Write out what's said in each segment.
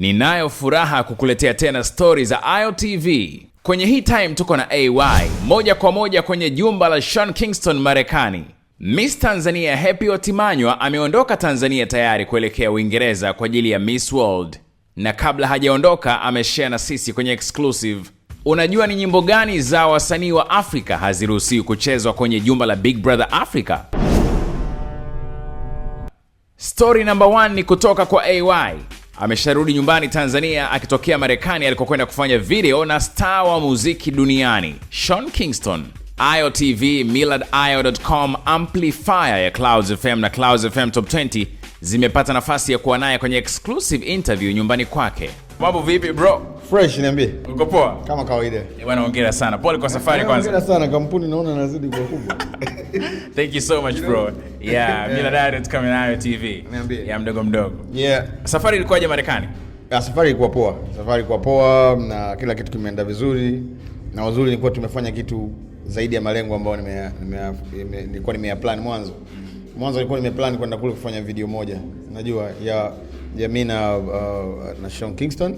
Ninayo furaha kukuletea tena stori za iotv Kwenye hii time tuko na AY moja kwa moja kwenye jumba la Sean Kingston Marekani. Miss Tanzania Happy Otimanywa ameondoka Tanzania tayari kuelekea Uingereza kwa ajili ya Miss World, na kabla hajaondoka ameshare na sisi kwenye exclusive. Unajua ni nyimbo gani za wasanii wa Afrika haziruhusiwi kuchezwa kwenye jumba la Big Brother Africa? Story number 1 ni kutoka kwa AY amesharudi nyumbani Tanzania akitokea Marekani alikokwenda kufanya video na star wa muziki duniani Sean Kingston. IOTV, millardayo.com, Amplifier ya Clouds FM na Clouds FM Top 20 zimepata nafasi ya kuwa naye kwenye exclusive interview nyumbani kwake. Mambo vipi bro? Fresh, niambie. Uko poa? Kama kawaida. Eh, bwana, hongera sana. Pole kwa safari eh, kwanza. Hongera sana, kampuni naona inazidi kwa kubwa. Thank you so much bro. Yeah, Millard Ayo Tukamenayo TV. Niambie. Yeah, mdogo mdogo. Yeah. Safari ilikuwaje Marekani? Ya, ah, safari ilikuwa poa. Safari ilikuwa poa na kila kitu kimeenda vizuri. Na wazuri ni kuwa tumefanya kitu zaidi ya malengo ambayo nilikuwa nimeyaplan nime, nime, nime, mwanzo mwanzo nilikuwa nimeplan kwenda kule kufanya video moja najua ya ya mimi na uh, na Sean Kingston,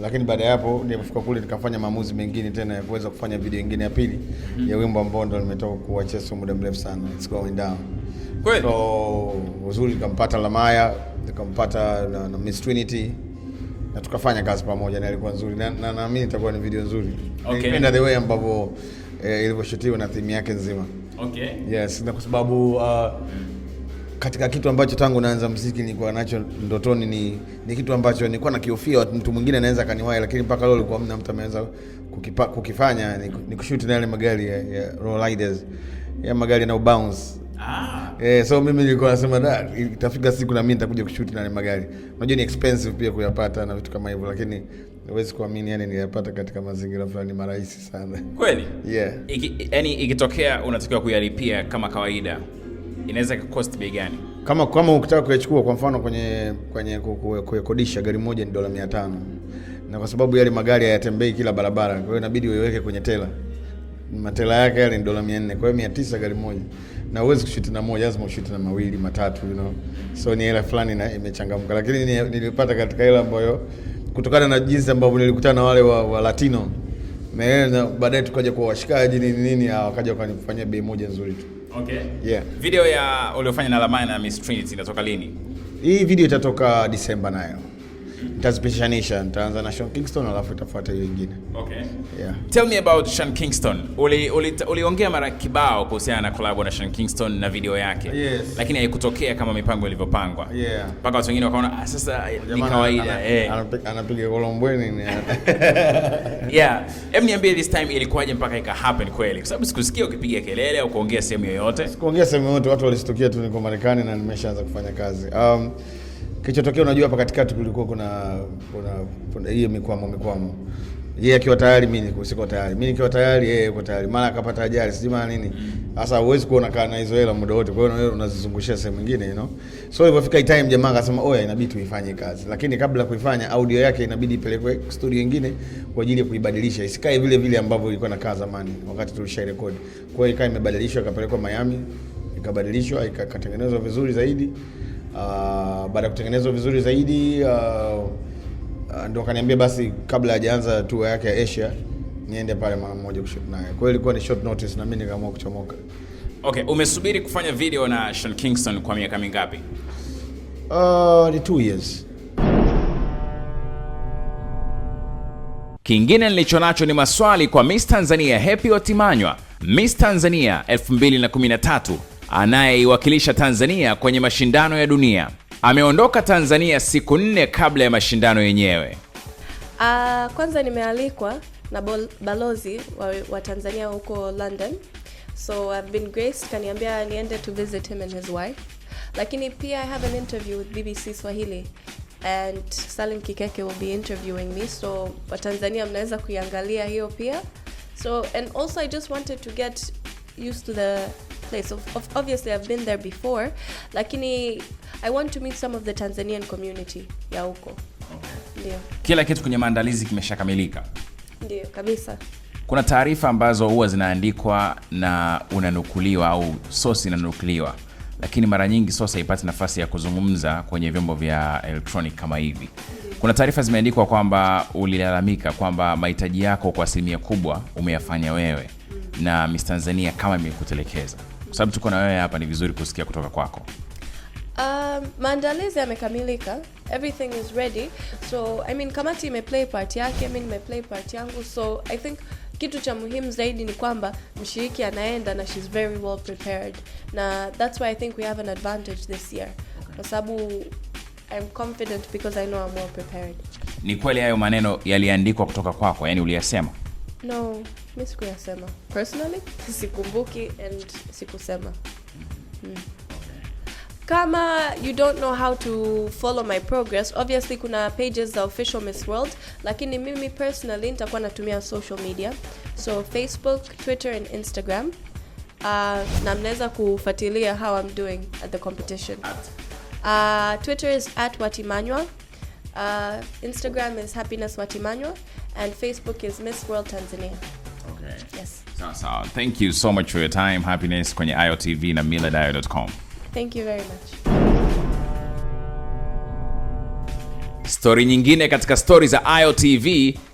lakini baada ya hapo nilipofika kule nikafanya maamuzi mengine tena ya kuweza kufanya video nyingine ya pili mm -hmm. ya wimbo ambao ndo nimetoka kuachia sio muda mrefu sana, it's going down kweli. So uzuri nikampata Lamaya nikampata na, na Miss Trinity na tukafanya kazi pamoja na ilikuwa nzuri na naamini na, na itakuwa ni video nzuri okay. Nilipenda the way ambavyo eh, ilivyoshotiwa na theme yake nzima okay. Yes, na kwa sababu uh, katika kitu ambacho tangu naanza mziki nilikuwa nacho ndotoni ni, ni kitu ambacho nilikuwa nakihofia mtu mwingine anaweza akaniwahi, lakini mpaka leo ilikuwa mna mtu ameweza kukipa, kukifanya ni, ni kushuti na yale magari ya, ya Roll Riders ya magari na ubounce Ah. Yeah, so mimi nilikuwa nasema da itafika siku na mimi nitakuja kushuti na yale magari. Unajua ni expensive pia kuyapata na vitu kama hivyo, lakini huwezi kuamini, yani niliyapata katika mazingira fulani marahisi sana kweli. Yeah. Iki, yani ikitokea unatakiwa kuyalipia kama kawaida inaweza ikakost bei gani? Kama kama ukitaka kuyachukua kwa mfano kwenye kwenye kukodisha gari moja ni dola mia tano na kwa sababu yale magari hayatembei kila barabara, kwa hiyo inabidi uiweke kwenye tela. Matela yake yale ni dola mia nne, kwa hiyo mia tisa gari moja, na uwezi kushuti na moja, lazima ushuti na mawili matatu, you know, so ni hela fulani na imechangamka, lakini nilipata katika hela ambayo kutokana na jinsi ambavyo nilikutana na wale wa, wa Latino na baadaye tukaja kwa washikaji nini nini, wakaja wakanifanyia bei moja nzuri tu. Okay. Yeah. Video ya uliofanya na Lamani na Miss Trinity inatoka lini? Hii video itatoka Disemba nayo nitazipishanisha, nitaanza na Sean Kingston alafu itafuata hiyo nyingine. Okay. Yeah. Tell me about Sean Kingston. Uliongea uli, uli mara kibao kuhusiana na collab na Sean Kingston na video yake. Yes. Lakini haikutokea kama mipango ilivyopangwa. Yeah. Mpaka watu wengine wakaona ah, sasa eh, ni kawaida. Eh. Anapiga kolombweni. Yeah. Hem, niambie this time ilikuwaje mpaka ika happen kweli? Kwa sababu sikusikia ukipiga kelele au kuongea sehemu yoyote. Sikuongea sehemu yoyote, watu walistukia tu niko Marekani na nimeshaanza kufanya kazi. Um, Kilichotokea unajua, hapa katikati kulikuwa kuna kuna hiyo mikwamo mikwamo, yeye akiwa tayari, mimi siko tayari, mimi nikiwa tayari, yeye yuko tayari, mara akapata ajali, sijui maana nini. Sasa huwezi kuona kana na hizo hela muda wote, kwa hiyo wewe unazizungushia sehemu nyingine, you know. So ilipofika time, jamaa akasema oya, inabidi tuifanye kazi, lakini kabla kuifanya audio yake inabidi ipelekwe studio nyingine kwa ajili ya kuibadilisha, isikae vile vile ambavyo ilikuwa na inakaa zamani wakati tulisha rekodi. Kwa hiyo ikawa imebadilishwa, ikapelekwa Miami, ikabadilishwa, ikatengenezwa vizuri zaidi. Uh, baada ya kutengenezwa vizuri zaidi uh, uh, ndo kaniambia basi kabla hajaanza tour yake ya Asia niende pale mara moja kushoot naye. Kwa hiyo ilikuwa ni short notice na mimi nikaamua kuchomoka. Okay, umesubiri kufanya video na Sean Kingston kwa miaka mingapi? Uh, ni 2 years. Kingine nilicho nacho ni maswali kwa Miss Tanzania Happy Otimanywa, Miss Tanzania 2013 anayeiwakilisha Tanzania kwenye mashindano ya dunia. Ameondoka Tanzania siku nne kabla ya mashindano yenyewe. Uh, kwanza nimealikwa na bol, balozi wa, wa Tanzania huko London. So I've been graced, kaniambia niende to visit him and his wife. Lakini pia I have an interview with BBC Swahili and Salim Kikeke will be interviewing me. So wa Tanzania mnaweza kuiangalia hiyo pia. So and also I just wanted to get used to the place of, of, obviously i've been there before lakini i want to meet some of the tanzanian community ya huko okay. ndio kila kitu kwenye maandalizi kimeshakamilika ndio kabisa kuna taarifa ambazo huwa zinaandikwa na unanukuliwa au sosi inanukuliwa lakini mara nyingi sosi haipati nafasi ya kuzungumza kwenye vyombo vya electronic kama hivi kuna taarifa zimeandikwa kwamba ulilalamika kwamba mahitaji yako kwa asilimia kubwa umeyafanya wewe mm. na Miss Tanzania kama imekutelekeza kwa sababu tuko na wewe hapa, ni vizuri kusikia kutoka kwako. Um, maandalizi yamekamilika, everything is ready, so I mean kamati imeplay part yake, mi nimeplay part yangu, so I think kitu cha muhimu zaidi ni kwamba mshiriki anaenda na she's very well prepared, na that's why I think we have an advantage this year, kwa sababu I'm confident because I know I'm well prepared. Ni kweli hayo maneno yaliandikwa kutoka kwako, yani uliyasema? no mi sikuyasema personally sikumbuki and sikusema mm. kama you don't know how to follow my progress obviously kuna pages za official miss world lakini mimi personally nitakuwa natumia social media so facebook twitter and instagram uh, na mnaweza kufuatilia how i'm doing at the competition uh, twitter is at watimanywa uh, ah, instagram is happiness watimanywa and Facebook is Miss World Tanzania. Okay. Yes. Sawa sawa. Thank you so much for your time, Happiness kwenye IOTV na millardayo.com. Thank you very much. Story nyingine katika story za IOTV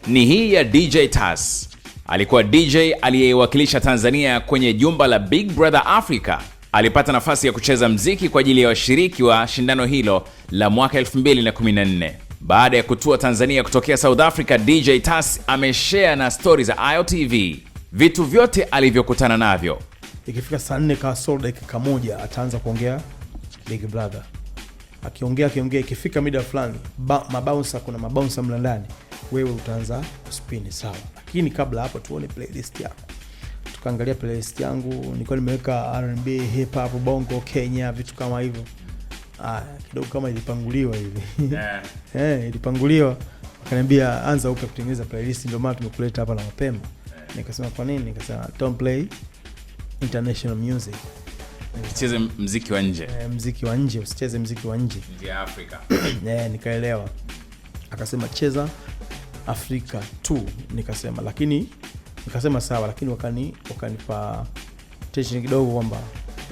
ni hii ya DJ Tas. Alikuwa DJ aliyewakilisha Tanzania kwenye jumba la Big Brother Africa. Alipata nafasi ya kucheza mziki kwa ajili ya washiriki wa shindano hilo la mwaka 2014. Baada ya kutua Tanzania kutokea South Africa, DJ Tas ameshare na stori za IOTV vitu vyote alivyokutana navyo. Ikifika saa nne kasoro dakika moja ataanza kuongea Big Brother, akiongea akiongea, ikifika mida fulani mabounsa, kuna mabounsa mla ndani, wewe utaanza kuspini sawa, lakini kabla hapo tuone playlist yako. Tukaangalia playlist yangu, nilikuwa nimeweka R&B, hip hop, bongo, Kenya, vitu kama hivyo ah, kidogo kama ilipanguliwa hivi yeah. Eh, ilipanguliwa akaniambia, anza upya kutengeneza playlist, ndio maana tumekuleta hapa na mapema yeah. Nikasema kwa nini? Nikasema Tom play international music, usicheze mziki wa nje e, mziki wa nje usicheze mziki wa nje nje Afrika eh, nikaelewa. Akasema cheza Afrika tu, nikasema lakini nikasema sawa, lakini wakani wakanipa tension kidogo kwamba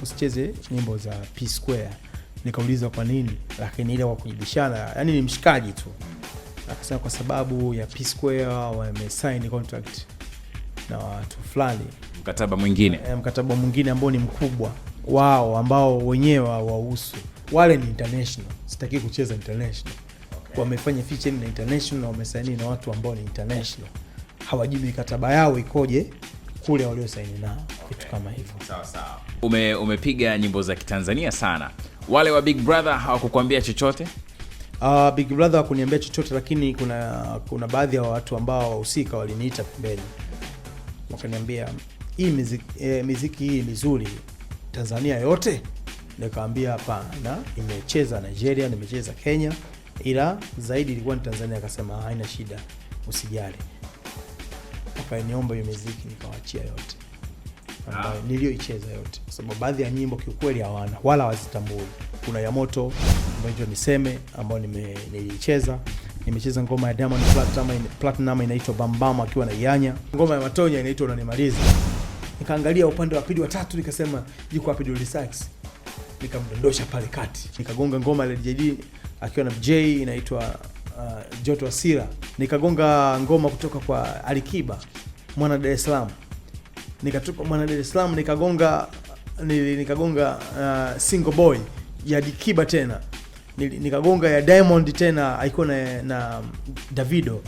usicheze nyimbo za P Square Nikauliza kwa nini, lakini ile kwa kujibishana, yani ni mshikaji tu, akasema kwa sababu ya P Square wamesign contract na watu fulani, mkataba mwingine e, mkataba mwingine ambao ni mkubwa wao ambao wenyewe wahusu wale ni international, sitaki kucheza international okay. Wamefanya feature na international, na wamesaini na watu ambao ni international, hawajui mikataba yao ikoje kule waliosaini nao, okay. Kitu kama hivyo. Sawa sawa. Ume, umepiga nyimbo za Kitanzania sana wale wa Big Brother hawakukwambia chochote? Uh, Big Brother wakuniambia chochote, lakini kuna kuna baadhi ya watu ambao wahusika waliniita pembeni wakaniambia hii miziki, eh, miziki hii mizuri Tanzania yote? nikawambia hapana, nimecheza Nigeria, nimecheza Kenya, ila zaidi ilikuwa ni Tanzania. Akasema haina shida, usijali. Wakaniomba hiyo miziki, nikawachia yote. Ah. niliyoicheza yote, kwa sababu baadhi ya nyimbo kiukweli hawana wala wazitambui. Kuna ya moto ambayo niseme ambayo niliicheza nimecheza ngoma ya Diamond Platinum Platinum inaitwa Bambam akiwa na Yanya, ngoma ya Matonya inaitwa Unanimaliza. Nikaangalia upande wa pili wa tatu, nikasema yuko wapi Dully Sax, nikamdondosha pale kati. Nikagonga ngoma ya DJ akiwa na BJ inaitwa uh, Joto Asira. Nikagonga ngoma kutoka kwa Alikiba mwana Dar es Salaam nikatoka mwana Dar es Salaam nikagonga nikagonga uh, single boy ya Dikiba tena nikagonga ya Diamond tena alikuwa na, na Davido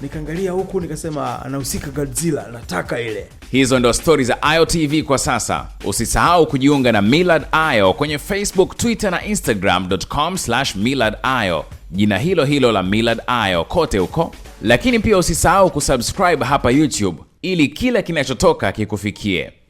nikaangalia huku nikasema, anahusika Godzilla, nataka ile. Hizo ndo stori za Ayo TV kwa sasa. Usisahau kujiunga na Millard Ayo kwenye Facebook, Twitter na Instagram.com Millard Ayo, jina hilo hilo la Millard Ayo kote huko, lakini pia usisahau kusubscribe hapa YouTube ili kila kinachotoka kikufikie.